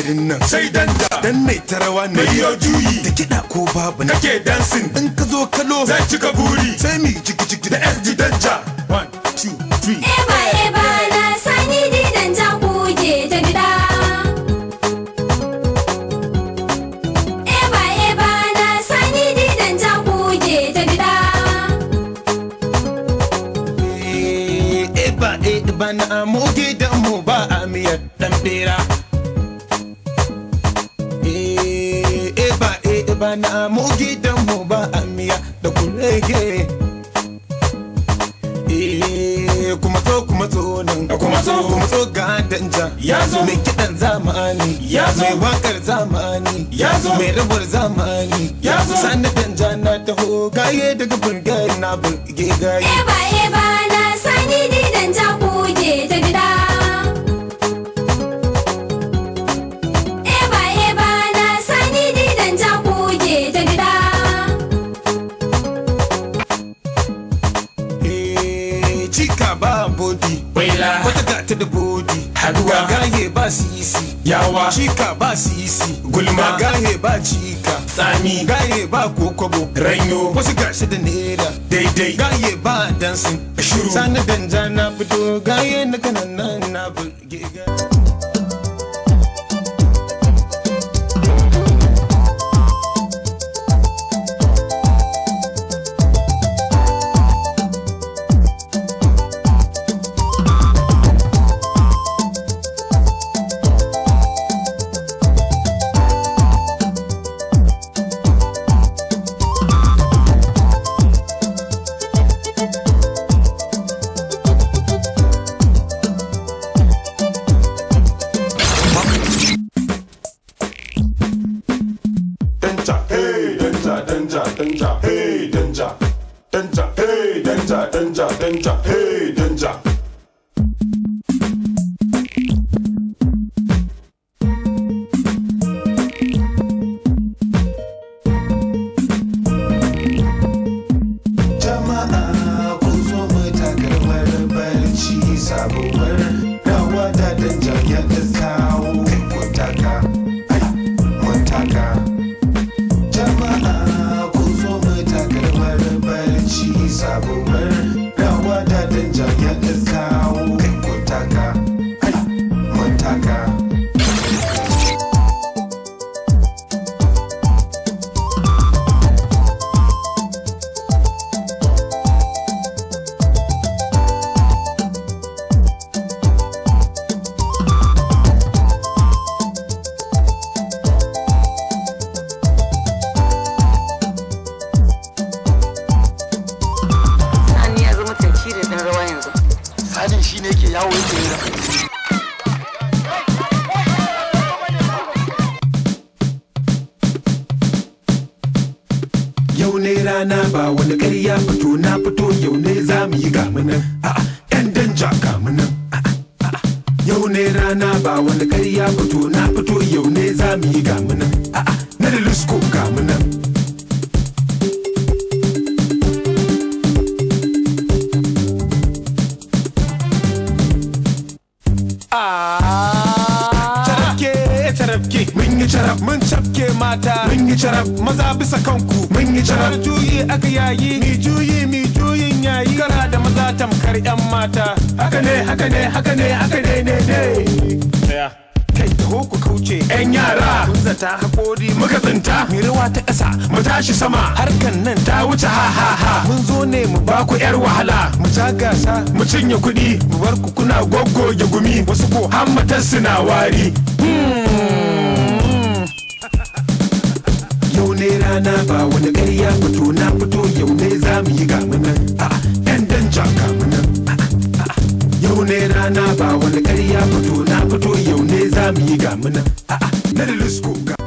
garin nan sai danda dan mai tarawa ne mai juyi da kida ko babu na kake dancing in ka zo kalo zai cika buri sai mu jiki jiki da sd danja 1 2 3 eba eba na sani di danja kuje ta gida eba eba na sani di danja kuje ta gida eh, eba eba na amoge da mu ba amiyar dan bera ba na mu gidanmu ba amiya da kurege eh, kuma to kuma to nan kuma to kuma to ga danja ya zo mai kidan zamani ya zo mai wakar zamani ya zo mai rabar zamani ya zo danja na taho gaye daga burgaye na burge gaye ga ba bodi wata ga ta da bodi haduwa gaye ba sisi yawa cika ba sisi gulma gaye ba cika tsami gaye ba kokobo ranyo wasu gashi da nera daidai gaye ba dansin shiru sani danja na fito gaye na kanan na burge danger, danger, hey, danger, danger, hey, danger, danger, danger, hey, danger. Sabuwar dawa da danja yadda ka yanzu shi ne ke yawo yake yi Yau ne rana ba wani karya fito na fito yau ne za mu yi gamunan a'a 'yan danja gamunan yau ne rana ba wani karya fito na fito yau ne za mu yi gamunan a'a mun yi caraf mun cafke mata mun yi caraf maza bisa kanku mun yi caraf juyi aka yayi mi juyi mi juyin yayi kara da maza tamkar yan mata haka ne haka ne haka ne haka ne ne ne kai ta ku kauce yan yara kun zata hakori muka tsinta mi rawa ta ƙasa mu tashi sama harkan nan ta wuce ha ha ha mun zo ne mu ba ku yar wahala mu ta gasa mu cinye kuɗi mu bar ku kuna goggoge gumi wasu ko hammatar suna wari hmm. ne rana ba wani ƙarya fito na fito yau ne za mu yi gamunan a ɗan danja gamunan yau ne rana ba wani ƙarya fito na fito yau ne za mu yi gamunan a na da lusko